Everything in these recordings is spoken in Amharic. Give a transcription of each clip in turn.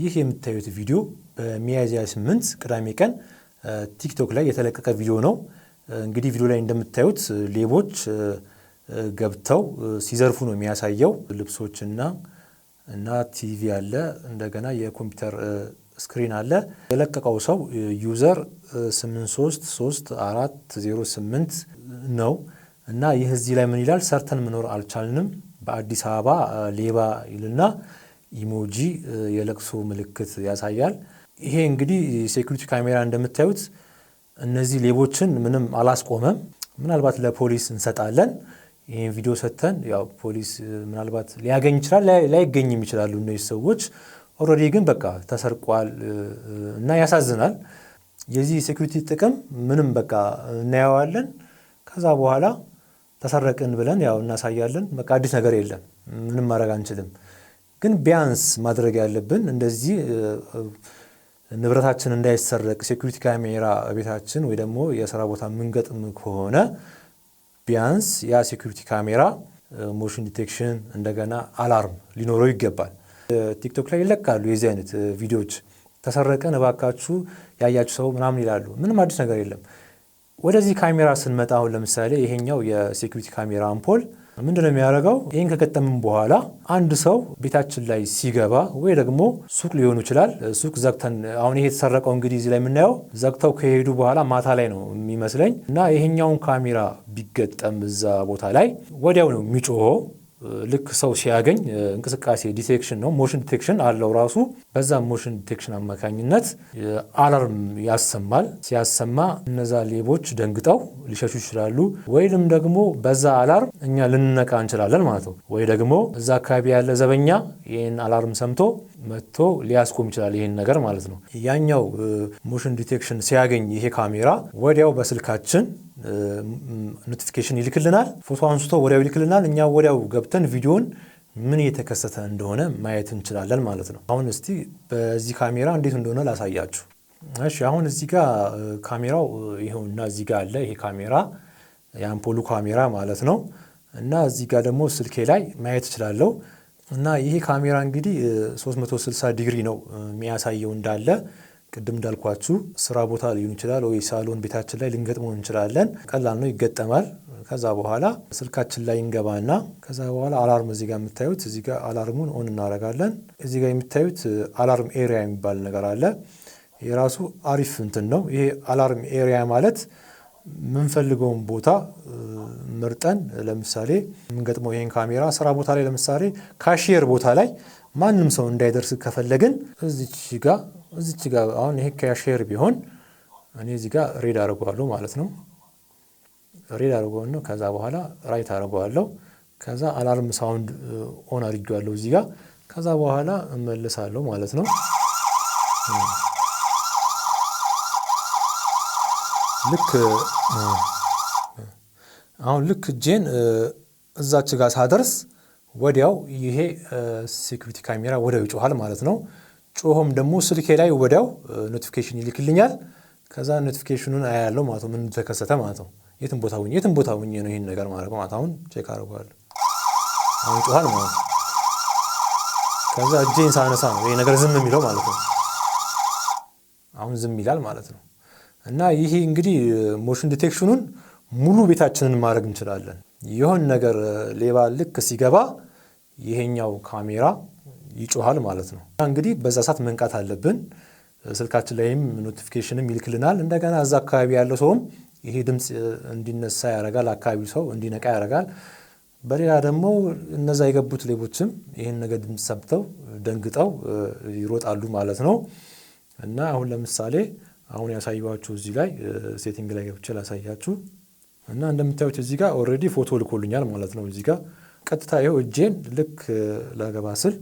ይህ የምታዩት ቪዲዮ በሚያዝያ 8 ቅዳሜ ቀን ቲክቶክ ላይ የተለቀቀ ቪዲዮ ነው። እንግዲህ ቪዲዮ ላይ እንደምታዩት ሌቦች ገብተው ሲዘርፉ ነው የሚያሳየው። ልብሶችና እና ቲቪ አለ፣ እንደገና የኮምፒውተር ስክሪን አለ። የለቀቀው ሰው ዩዘር 833408 ነው እና ይህ እዚህ ላይ ምን ይላል? ሰርተን መኖር አልቻልንም። በአዲስ አበባ ሌባ ይልና ኢሞጂ የለቅሶ ምልክት ያሳያል። ይሄ እንግዲህ ሴኩሪቲ ካሜራ እንደምታዩት እነዚህ ሌቦችን ምንም አላስቆመም። ምናልባት ለፖሊስ እንሰጣለን። ይህን ቪዲዮ ሰጥተን ያው ፖሊስ ምናልባት ሊያገኝ ይችላል፣ ላይገኝም ይችላሉ እነዚህ ሰዎች። ኦልሬዲ ግን በቃ ተሰርቋል እና ያሳዝናል። የዚህ ሴኩሪቲ ጥቅም ምንም በቃ እናየዋለን። ከዛ በኋላ ተሰረቅን ብለን ያው እናሳያለን። በቃ አዲስ ነገር የለም። ምንም ማድረግ አንችልም። ግን ቢያንስ ማድረግ ያለብን እንደዚህ ንብረታችን እንዳይሰረቅ ሴኩሪቲ ካሜራ ቤታችን ወይ ደግሞ የስራ ቦታ ምንገጥም ከሆነ ቢያንስ ያ ሴኩሪቲ ካሜራ ሞሽን ዲቴክሽን እንደገና አላርም ሊኖረው ይገባል። ቲክቶክ ላይ ይለቃሉ የዚህ አይነት ቪዲዮዎች ተሰረቀን እባካችሁ ያያችሁ ሰው ምናምን ይላሉ። ምንም አዲስ ነገር የለም። ወደዚህ ካሜራ ስንመጣ አሁን ለምሳሌ ይሄኛው የሴኩሪቲ ካሜራ አምፖል ምንድን ነው የሚያደርገው? ይህን ከገጠምን በኋላ አንድ ሰው ቤታችን ላይ ሲገባ ወይ ደግሞ ሱቅ ሊሆኑ ይችላል። ሱቅ ዘግተን አሁን ይሄ የተሰረቀው እንግዲህ እዚህ ላይ የምናየው ዘግተው ከሄዱ በኋላ ማታ ላይ ነው የሚመስለኝ እና ይሄኛውን ካሜራ ቢገጠም እዛ ቦታ ላይ ወዲያው ነው የሚጮኸው ልክ ሰው ሲያገኝ እንቅስቃሴ ዲቴክሽን ነው፣ ሞሽን ዲቴክሽን አለው ራሱ። በዛ ሞሽን ዲቴክሽን አማካኝነት አላርም ያሰማል። ሲያሰማ እነዛ ሌቦች ደንግጠው ሊሸሹ ይችላሉ፣ ወይም ደግሞ በዛ አላርም እኛ ልንነቃ እንችላለን ማለት ነው። ወይ ደግሞ እዛ አካባቢ ያለ ዘበኛ ይህን አላርም ሰምቶ መጥቶ ሊያስቆም ይችላል ይህን ነገር ማለት ነው። ያኛው ሞሽን ዲቴክሽን ሲያገኝ ይሄ ካሜራ ወዲያው በስልካችን ኖቲፊኬሽን ይልክልናል። ፎቶ አንስቶ ወዲያው ይልክልናል። እኛ ወዲያው ገብተን ቪዲዮን ምን እየተከሰተ እንደሆነ ማየት እንችላለን ማለት ነው። አሁን እስቲ በዚህ ካሜራ እንዴት እንደሆነ ላሳያችሁ። እሺ፣ አሁን እዚህ ጋር ካሜራው ይኸውና እዚህ ጋር አለ። ይሄ ካሜራ የአምፖሉ ካሜራ ማለት ነው። እና እዚህ ጋር ደግሞ ስልኬ ላይ ማየት እችላለሁ። እና ይሄ ካሜራ እንግዲህ 360 ዲግሪ ነው የሚያሳየው እንዳለ ቅድም እንዳልኳችሁ ስራ ቦታ ሊሆን ይችላል ወይ ሳሎን ቤታችን ላይ ልንገጥመው እንችላለን። ቀላል ነው፣ ይገጠማል። ከዛ በኋላ ስልካችን ላይ እንገባና ከዛ በኋላ አላርም እዚጋ የምታዩት እዚጋ አላርሙን ኦን እናደርጋለን። እዚጋ የምታዩት አላርም ኤሪያ የሚባል ነገር አለ። የራሱ አሪፍ እንትን ነው። ይሄ አላርም ኤሪያ ማለት የምንፈልገውን ቦታ ምርጠን ለምሳሌ የምንገጥመው ይህን ካሜራ ስራ ቦታ ላይ ለምሳሌ ካሽየር ቦታ ላይ ማንም ሰው እንዳይደርስ ከፈለግን እዚች ጋር እዚች ጋር አሁን ይሄ ከሼር ቢሆን እኔ እዚህ ጋር ሬድ አድርጓለሁ ማለት ነው። ሬድ አድርገዋለሁ። ከዛ በኋላ ራይት አድርገዋለሁ። ከዛ አላርም ሳውንድ ኦን አድርጌዋለሁ እዚህ ጋር። ከዛ በኋላ እመልሳለሁ ማለት ነው። ልክ አሁን ልክ እጄን እዛች ጋር ሳደርስ ወዲያው ይሄ ሴኩሪቲ ካሜራ ወዲያው ይጮኋል ማለት ነው። ጮሆም ደግሞ ስልኬ ላይ ወዲያው ኖቲፊኬሽን ይልክልኛል። ከዛ ኖቲፊኬሽኑን አያለው ማለት ነው፣ ምን ተከሰተ ማለት ነው። የትም ቦታ ሁኜ የትም ቦታ ሁኜ ነው ይህን ነገር ማድረግ ማለት አሁን ቼክ አድርገዋለሁ። አሁን ጮኋል ማለት ነው። ከዛ እጄን ሳነሳ ነው ይህ ነገር ዝም የሚለው ማለት ነው። አሁን ዝም ይላል ማለት ነው። እና ይሄ እንግዲህ ሞሽን ዲቴክሽኑን ሙሉ ቤታችንን ማድረግ እንችላለን። ይሆን ነገር ሌባ ልክ ሲገባ ይሄኛው ካሜራ ይጮሃል ማለት ነው። እንግዲህ በዛ ሰዓት መንቃት አለብን። ስልካችን ላይም ኖቲፊኬሽንም ይልክልናል። እንደገና እዛ አካባቢ ያለው ሰውም ይሄ ድምፅ እንዲነሳ ያደርጋል። አካባቢ ሰው እንዲነቃ ያደርጋል። በሌላ ደግሞ እነዛ የገቡት ሌቦችም ይህን ነገር ድምፅ ሰምተው ደንግጠው ይሮጣሉ ማለት ነው እና አሁን ለምሳሌ አሁን ያሳየኋችሁ እዚህ ላይ ሴቲንግ ላይ ገብቼ ላሳያችሁ እና እንደምታዩት እዚህ ጋር ኦልሬዲ ፎቶ ልኮልኛል ማለት ነው። እዚህ ጋር ቀጥታ ይኸው እጄን ልክ ለገባ ስል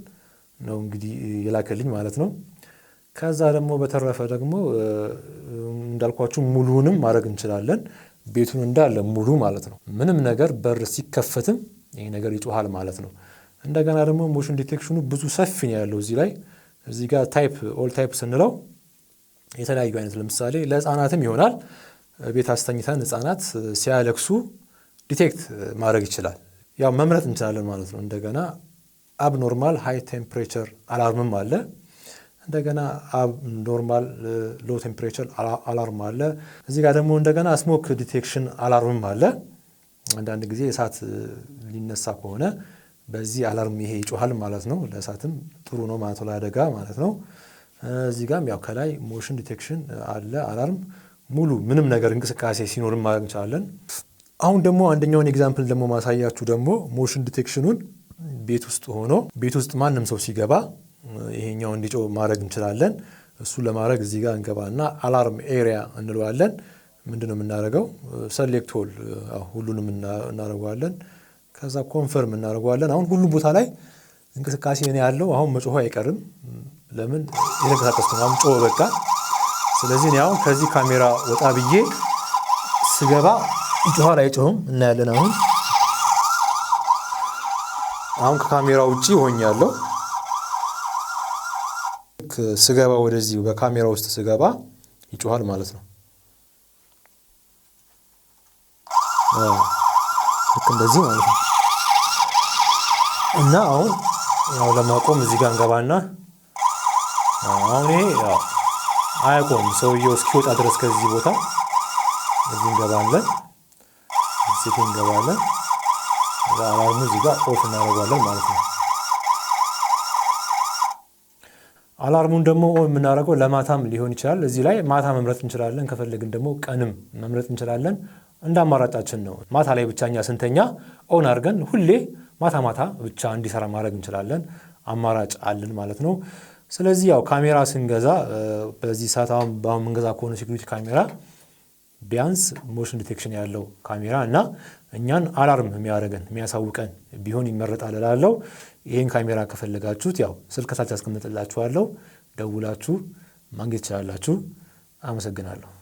ነው እንግዲህ የላከልኝ ማለት ነው። ከዛ ደግሞ በተረፈ ደግሞ እንዳልኳችሁ ሙሉውንም ማድረግ እንችላለን። ቤቱን እንዳለ ሙሉ ማለት ነው። ምንም ነገር በር ሲከፈትም ይህ ነገር ይጮሃል ማለት ነው። እንደገና ደግሞ ሞሽን ዲቴክሽኑ ብዙ ሰፊ ነው ያለው እዚህ ላይ እዚህ ጋር ታይፕ ኦል ታይፕ ስንለው የተለያዩ አይነት ለምሳሌ ለህፃናትም ይሆናል ቤት አስተኝተን ህፃናት ሲያለክሱ ዲቴክት ማድረግ ይችላል። ያው መምረጥ እንችላለን ማለት ነው እንደገና አብኖርማል ሃይ ቴምፕሬቸር አላርምም አለ። እንደገና አብኖርማል ሎ ቴምፕሬቸር አላርም አለ። እዚህ ጋር ደግሞ እንደገና ስሞክ ዲቴክሽን አላርምም አለ። አንዳንድ ጊዜ እሳት ሊነሳ ከሆነ በዚህ አላርም ይሄ ይጮሃል ማለት ነው። ለእሳትም ጥሩ ነው ማለት ነው፣ ለአደጋ ማለት ነው። እዚህ ጋም ያው ከላይ ሞሽን ዲቴክሽን አለ አላርም። ሙሉ ምንም ነገር እንቅስቃሴ ሲኖርም ማድረግ እንችላለን። አሁን ደግሞ አንደኛውን ኤግዛምፕል ደግሞ ማሳያችሁ ደግሞ ሞሽን ዲቴክሽኑን ቤት ውስጥ ሆኖ ቤት ውስጥ ማንም ሰው ሲገባ ይሄኛው እንዲጮ ማድረግ እንችላለን። እሱ ለማድረግ እዚህ ጋር እንገባና አላርም ኤሪያ እንለዋለን። ምንድን ነው የምናደርገው? ሰሌክት ሆል ሁሉንም እናደርገዋለን። ከዛ ኮንፈርም እናደርገዋለን። አሁን ሁሉም ቦታ ላይ እንቅስቃሴ እኔ ያለው አሁን መጮሁ አይቀርም። ለምን የተንቀሳቀስኩ ነው፣ ጮ በቃ። ስለዚህ እኔ አሁን ከዚህ ካሜራ ወጣ ብዬ ስገባ ይጮኋል አይጮህም፣ እናያለን አሁን አሁን ከካሜራ ውጭ ሆኛለሁ። ስገባ ወደዚህ በካሜራ ውስጥ ስገባ ይጮኋል ማለት ነው። ልክ እንደዚህ ማለት ነው። እና አሁን ያው ለማቆም እዚህ ጋር እንገባና አሁን ይሄ አያቆም ሰውየው እስኪወጣ ድረስ ከዚህ ቦታ እዚህ እንገባለን፣ እዚህ እንገባለን። አላርሙ እዚህ ጋር ኦፍ እናደርገዋለን ማለት ነው። አላርሙን ደግሞ የምናደርገው ለማታም ሊሆን ይችላል። እዚህ ላይ ማታ መምረጥ እንችላለን። ከፈለግን ደግሞ ቀንም መምረጥ እንችላለን። እንደ አማራጫችን ነው። ማታ ላይ ብቻ እኛ ስንተኛ ኦን አድርገን ሁሌ ማታ ማታ ብቻ እንዲሰራ ማድረግ እንችላለን። አማራጭ አለን ማለት ነው። ስለዚህ ያው ካሜራ ስንገዛ በዚህ ሰዓት አሁን ምንገዛ ከሆነ ሴኩሪቲ ካሜራ ቢያንስ ሞሽን ዲቴክሽን ያለው ካሜራ እና እኛን አላርም የሚያደርገን የሚያሳውቀን ቢሆን ይመረጣል እላለሁ። ይህን ካሜራ ከፈለጋችሁት ያው ስልክ ከታች አስቀምጥላችኋለሁ፣ ደውላችሁ ማግኘት ትችላላችሁ። አመሰግናለሁ።